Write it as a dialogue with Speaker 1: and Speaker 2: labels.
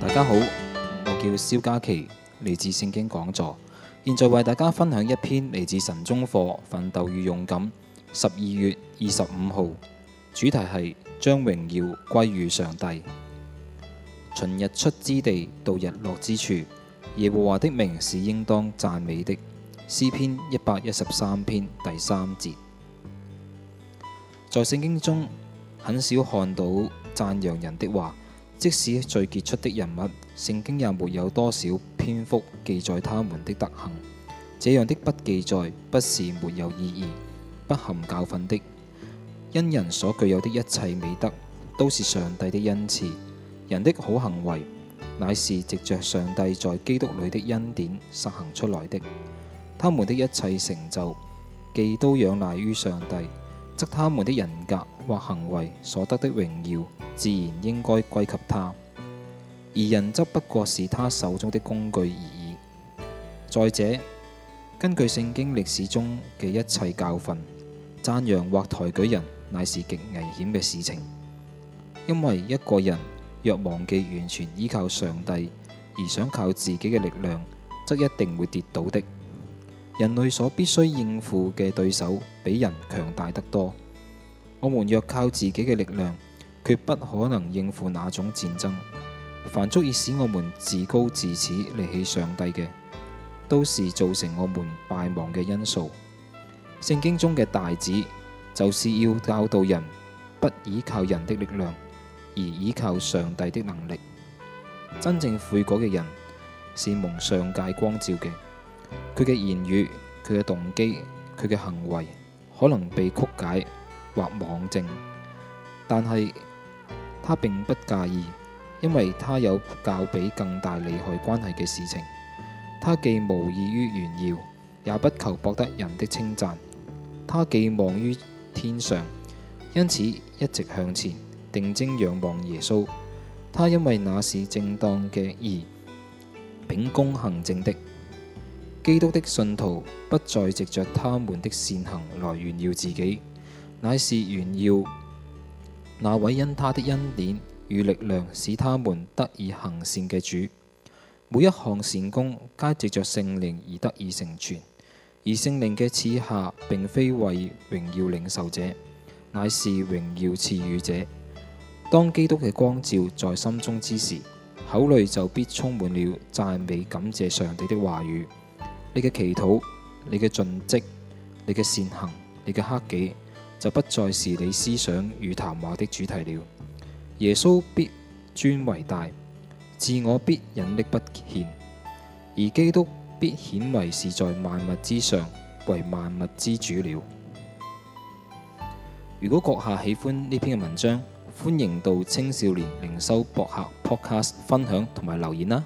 Speaker 1: 大家好，我叫肖嘉琪，嚟自聖經講座，現在為大家分享一篇嚟自神中課《奮鬥與勇敢》，十二月二十五號，主題係將榮耀歸於上帝。從日出之地到日落之處，耶和華的名是應當讚美的。詩篇一百一十三篇第三節。在聖經中很少看到讚揚人的話。即使最傑出的人物，聖經也沒有多少篇幅記載他們的德行。這樣的不記載，不是沒有意義，不含教訓的。因人所具有的一切美德，都是上帝的恩賜。人的好行為，乃是藉著上帝在基督裏的恩典實行出來的。他們的一切成就，既都仰賴於上帝。則他們的人格或行為所得的榮耀，自然應該歸給他，而人則不過是他手中的工具而已。再者，根據聖經歷史中嘅一切教訓，讚揚或抬舉人，乃是極危險嘅事情，因為一個人若忘記完全依靠上帝，而想靠自己嘅力量，則一定會跌倒的。人類所必須應付嘅對手比人強大得多。我們若靠自己嘅力量，決不可能應付那種戰爭。凡足以使我們自高自恃，離棄上帝嘅，都是造成我們敗亡嘅因素。聖經中嘅大旨就是要教導人不倚靠人的力量，而倚靠上帝的能力。真正悔改嘅人是蒙上界光照嘅。佢嘅言語、佢嘅動機、佢嘅行為可能被曲解或妄證，但係他並不介意，因為他有較比更大利害關係嘅事情。他既無意於炫耀，也不求博得人的稱讚。他寄望於天上，因此一直向前，定睛仰望耶穌。他因為那是正當嘅而秉公行政的。基督的信徒不再藉着他們的善行來炫耀自己，乃是炫耀那位因他的恩典與力量使他們得以行善嘅主。每一項善功皆藉着聖靈而得以成全，而聖靈嘅賜下並非為榮耀領受者，乃是榮耀賜予者。當基督嘅光照在心中之時，口裏就必充滿了讚美感謝上帝的話語。你嘅祈禱、你嘅盡職、你嘅善行、你嘅克己，就不再是你思想與談話的主題了。耶穌必尊為大，自我必隱匿不顯，而基督必顯為是在萬物之上為萬物之主了。如果閣下喜歡呢篇嘅文章，歡迎到青少年靈修博客 Podcast 分享同埋留言啦。